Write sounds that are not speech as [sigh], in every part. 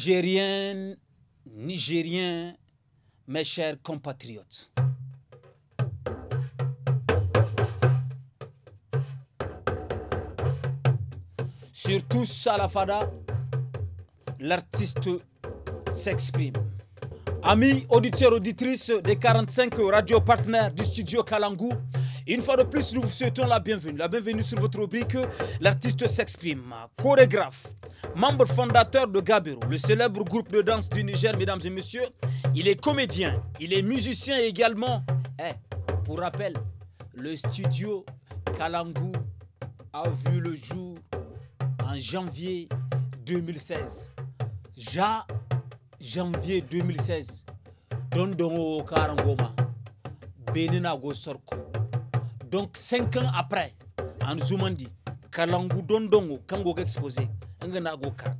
Nigériennes, Nigériens, mes chers compatriotes. Surtout Salafada, l'artiste s'exprime. Amis auditeurs, auditrices des 45 radios partenaires du studio Kalangu. Une fois de plus, nous vous souhaitons la bienvenue. La bienvenue sur votre rubrique L'artiste s'exprime. Chorégraphe, membre fondateur de Gabiru, le célèbre groupe de danse du Niger, mesdames et messieurs. Il est comédien, il est musicien également. Eh, pour rappel, le studio Kalangu a vu le jour en janvier 2016. Ja, janvier 2016. Don Dono karangoma. Beninago donc cinq ans après en Zoumandi Kalangu Dondongo Kango exposé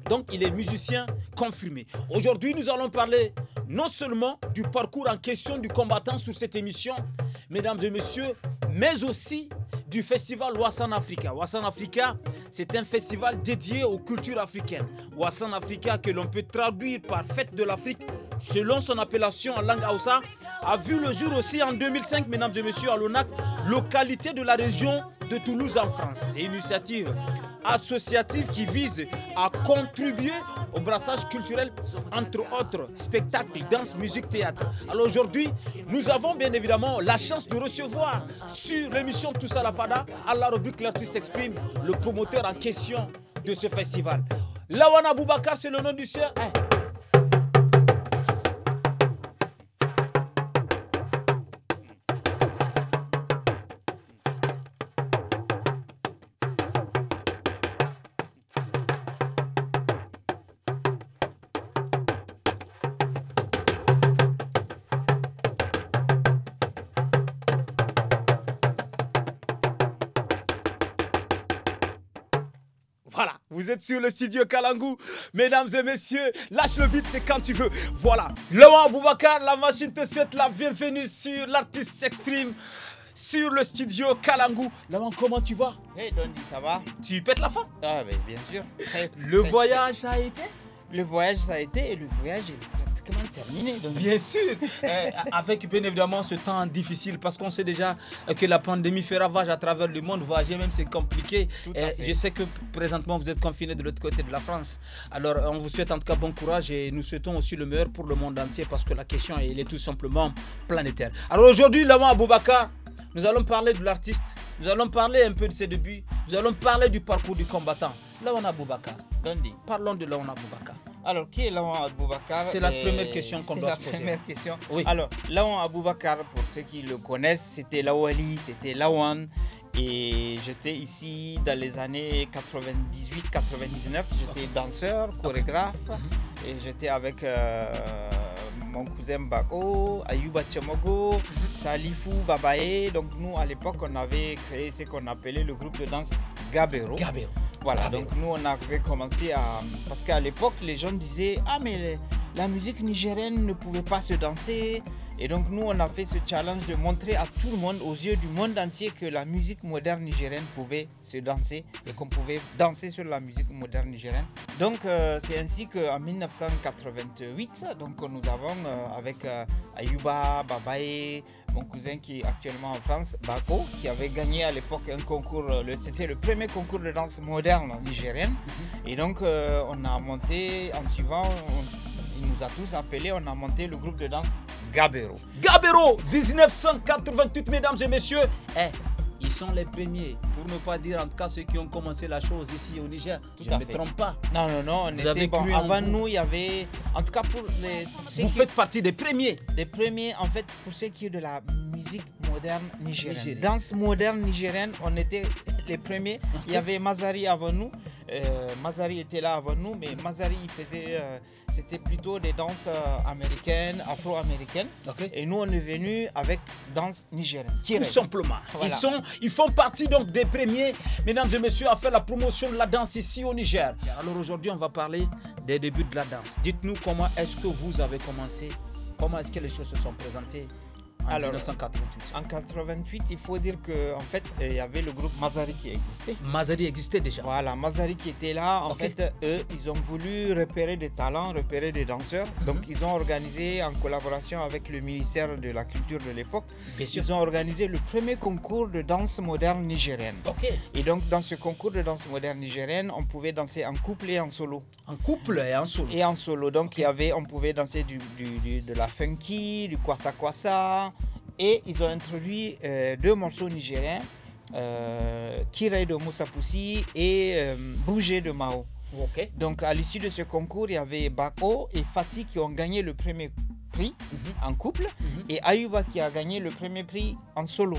donc il est musicien confirmé. Aujourd'hui, nous allons parler non seulement du parcours en question du combattant sur cette émission, mesdames et messieurs, mais aussi du festival Wassan Africa. Wassan Africa, c'est un festival dédié aux cultures africaines. Wassan Africa, que l'on peut traduire par Fête de l'Afrique, selon son appellation en langue Hausa, a vu le jour aussi en 2005, mesdames et messieurs, à l'ONAC, localité de la région de Toulouse en France. C'est une initiative associative qui vise à contribuer au brassage culturel, entre autres spectacles, danse, musique, théâtre. Alors aujourd'hui, nous avons bien évidemment la chance de recevoir sur l'émission Tous à la Fada, à la rubrique L'artiste exprime, le promoteur en question de ce festival. Lawana Boubacar, c'est le nom du sœur. Vous êtes sur le studio Kalangu. Mesdames et messieurs, lâche le beat, c'est quand tu veux. Voilà. Laurent Boubacar, la machine te souhaite la bienvenue sur L'artiste s'exprime sur le studio Kalangu. Laurent, comment tu vas Hey Donny ça va Tu pètes la fin? Ah, mais bien sûr. le voyage, ça a été Le voyage, ça a été et le voyage, est bien sûr, [laughs] eh, avec bien évidemment ce temps difficile, parce qu'on sait déjà que la pandémie fait ravage à travers le monde. Voyager même, c'est compliqué. Eh, je sais que présentement, vous êtes confiné de l'autre côté de la France. Alors, on vous souhaite en tout cas bon courage et nous souhaitons aussi le meilleur pour le monde entier, parce que la question, elle est tout simplement planétaire. Alors aujourd'hui, là-bas à Aboubakar, nous allons parler de l'artiste, nous allons parler un peu de ses débuts, nous allons parler du parcours du combattant. Là, on Boubacar. Aboubakar, parlons de là, a Aboubakar. Alors, qui est Lawan Aboubakar C'est la première question qu'on doit se poser. la première question. Oui. Alors, Lawan Aboubakar, pour ceux qui le connaissent, c'était Lawali, c'était Lawan. Et j'étais ici dans les années 98-99. J'étais danseur, chorégraphe. Mhm. Et j'étais avec euh, mon cousin Bako, Ayuba Tchamogo, mhm. Salifu Babae. Donc nous, à l'époque, on avait créé ce qu'on appelait le groupe de danse Gabero. Gabero. Voilà, donc nous on avait commencé à. Parce qu'à l'époque, les gens disaient Ah, mais la musique nigérienne ne pouvait pas se danser. Et donc nous on a fait ce challenge de montrer à tout le monde, aux yeux du monde entier, que la musique moderne nigérienne pouvait se danser et qu'on pouvait danser sur la musique moderne nigérienne. Donc euh, c'est ainsi qu'en 1988, donc nous avons euh, avec euh, Ayuba, Babaye, mon cousin qui est actuellement en France, Bako, qui avait gagné à l'époque un concours, euh, c'était le premier concours de danse moderne nigérienne. Mhm. Et donc, euh, on a monté, en suivant, il nous a tous appelés, on a monté le groupe de danse Gabero. Gabero, 1988, mesdames et messieurs. Ils sont les premiers, pour ne pas dire en tout cas ceux qui ont commencé la chose ici au Niger. je ne me trompe pas. Non, non, non, on Avant nous, il y avait. En tout cas, pour les. vous faites partie des premiers. Des premiers, en fait, pour ceux qui ont de la musique moderne nigérienne. Danse moderne nigérienne, on était les premiers. Il y avait Mazari avant nous. Euh, Mazari était là avant nous, mais Mazari faisait, euh, c'était plutôt des danses euh, américaines, afro-américaines. Et nous, on est venu avec danse nigérienne. Tout simplement. Ils, sont, ils font partie donc des premiers, mesdames et messieurs, à faire la promotion de la danse ici au Niger. Alors aujourd'hui, on va parler des débuts de la danse. Dites-nous comment est-ce que vous avez commencé, comment est-ce que les choses se sont présentées. Alors, En 88, il faut dire que en fait, euh, il y avait le groupe Mazari qui existait. Mazari existait déjà. Voilà, Mazari qui était là. En fait, eux, ils ont voulu repérer des talents, repérer des danseurs. Mhm. Donc, ils ont organisé en collaboration avec le ministère de la Culture de l'époque, ils ont organisé le premier concours de danse moderne nigérienne. Ok. Et donc, dans ce concours de danse moderne nigérienne, on pouvait danser en couple et en solo. En couple et en solo. Et en solo. Donc, il y avait, on pouvait danser du, du, de la funky, du kwasa kwasa, et ils ont introduit euh, deux morceaux nigériens, euh, de Moussa Poussi et euh, Bouger de Mao. Donc à l'issue de ce concours, il y avait Bako et Fatih qui ont gagné le premier prix mhm. en couple mhm. et Ayuba qui a gagné le premier prix en solo.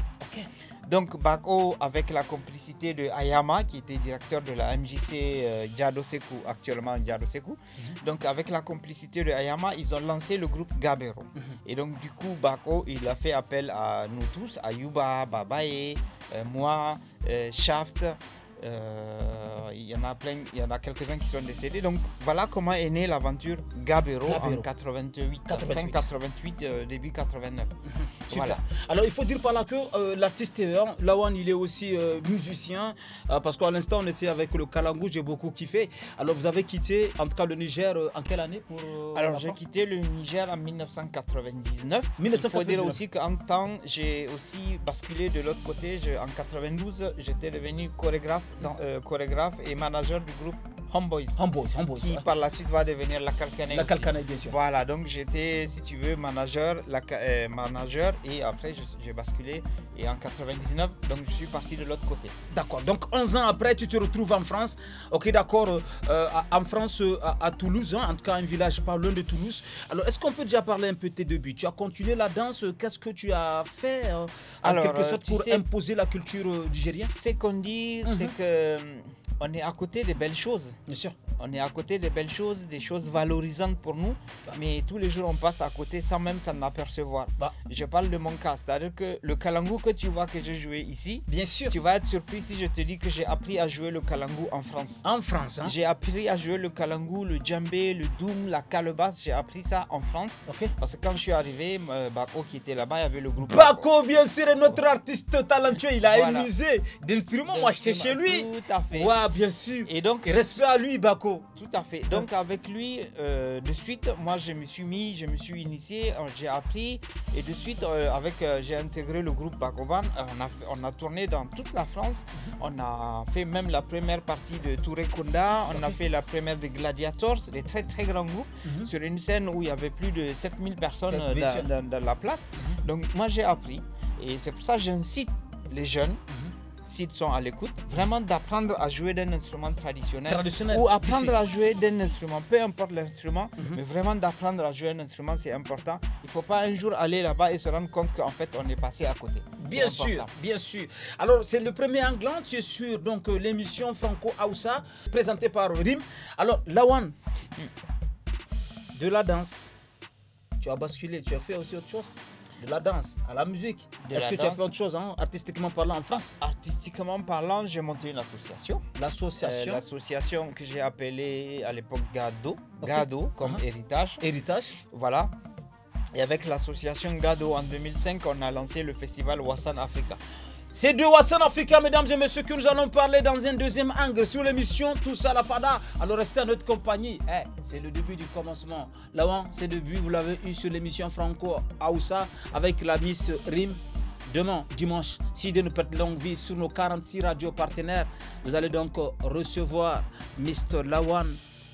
Donc Bako, avec la complicité de Ayama, qui était directeur de la MJC euh, Djado actuellement Djado Sekou, mhm. donc avec la complicité de Ayama, ils ont lancé le groupe Gabero. Mhm. Et donc du coup, Bako, il a fait appel à nous tous, à Yuba, Babaye, euh, moi, euh, Shaft, euh, il y en a plein, il y en a quelques-uns qui sont décédés. Donc voilà comment est née l'aventure Gabero, Gabero, en 88, 88. début 89. Super. Voilà. Alors il faut dire par là que euh, l'artiste Lawan, il est aussi euh, musicien euh, parce qu'à l'instant on était avec le Kalangou, j'ai beaucoup kiffé. Alors vous avez quitté en tout cas le Niger en quelle année pour Alors j'ai quitté le Niger en 1999. Il faut dire aussi qu'en temps j'ai aussi basculé de l'autre côté. en 92, j'étais devenu chorégraphe euh, chorégraphe et manager du groupe Homeboys. Homeboys, Qui par la suite va devenir la Calcanet. La Calcanet, bien sûr. Voilà, donc j'étais, si tu veux, manager, la, euh, manager et après j'ai basculé et en 99, donc je suis parti de l'autre côté. D'accord, donc 11 ans après, tu te retrouves en France. Ok, d'accord, euh, en France, euh, à, Toulouse, hein, en tout cas un village pas loin de Toulouse. Alors, est-ce qu'on peut déjà parler un peu de tes débuts Tu as continué la danse, qu'est-ce que tu as fait hein, en Alors, quelque sorte pour imposer la culture nigérienne C'est qu'on dit, c'est mhm. que on est à côté des belles choses. Bien sûr on est à côté des belles choses, des choses valorisantes pour nous, mais tous les jours on passe à côté sans même s'en apercevoir. Bah. Je parle de mon cas, c'est-à-dire que le kalangu que tu vois que j'ai joué ici, bien sûr, tu vas être surpris si je te dis que j'ai appris à jouer le kalangu en France. En France, hein? J'ai appris à jouer le kalangu, le djembé, le doum, la calebasse, j'ai appris ça en France. Ok. Parce que quand je suis arrivé, euh, Bako qui était là-bas, il y avait le groupe. Bako, bien sûr, est notre artiste talentueux, il a voilà. un musée d'instruments, moi j'étais chez lui. Tout à fait. Ouais, bien sûr. Et donc, respect à lui, Bako tout à fait. Donc avec lui, euh, de suite, moi je me suis mis, je me suis initié, euh, j'ai appris et de suite euh, avec, j'ai intégré le groupe bagoban On a, on a tourné dans toute la France. On a fait même la première partie de Touré conda On a fait la première de Gladiators, des très très grands groupes, mhm. sur une scène où il y avait plus de 7000 personnes dans, la place. Mhm. Donc moi j'ai appris et c'est pour ça que j'incite les jeunes s'ils sont à l'écoute, vraiment d'apprendre à jouer d'un instrument traditionnel, ou apprendre à jouer d'un instrument, peu importe l'instrument, mhm. mais vraiment d'apprendre à jouer un instrument, c'est important. Il ne faut pas un jour aller là-bas et se rendre compte qu'en fait, on est passé à côté. Bien sûr, bien sûr. Alors, c'est le premier angle, hein. tu es sûr, donc euh, l'émission Franco Aoussa, présentée par RIM. Alors, Lawan, mm. de la danse, tu as basculé, tu as fait aussi autre chose de la danse, à la musique. Est-ce que tu as fait autre chose, hein, artistiquement parlant, en France Artistiquement parlant, j'ai monté une association. L'association euh, L'association que j'ai appelée à l'époque Gado, Gado comme uh-huh. héritage. Héritage Voilà. Et avec l'association Gado en 2005, on a lancé le festival Wassan Africa. C'est de Wassan Africa, mesdames et messieurs, que nous allons parler dans un deuxième angle sur l'émission Tous à la Fada. Alors restez à notre compagnie. Eh, c'est le début du commencement. Lawan, haut c'est le début, vous l'avez eu sur l'émission Franco Aoussa avec la Miss Rim. Demain, dimanche, si de nous prête longue vie sur nos 46 radios partenaires, vous allez donc recevoir Mr. Lawan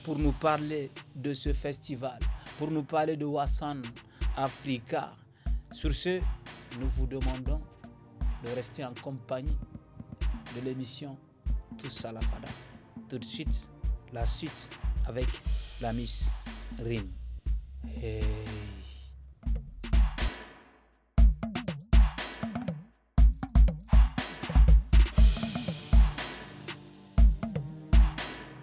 pour nous parler de ce festival, pour nous parler de Wassan Africa. Sur ce, nous vous demandons de rester en compagnie de l'émission tout à Fada. Tout de suite, la suite avec la Miss Rim. Et...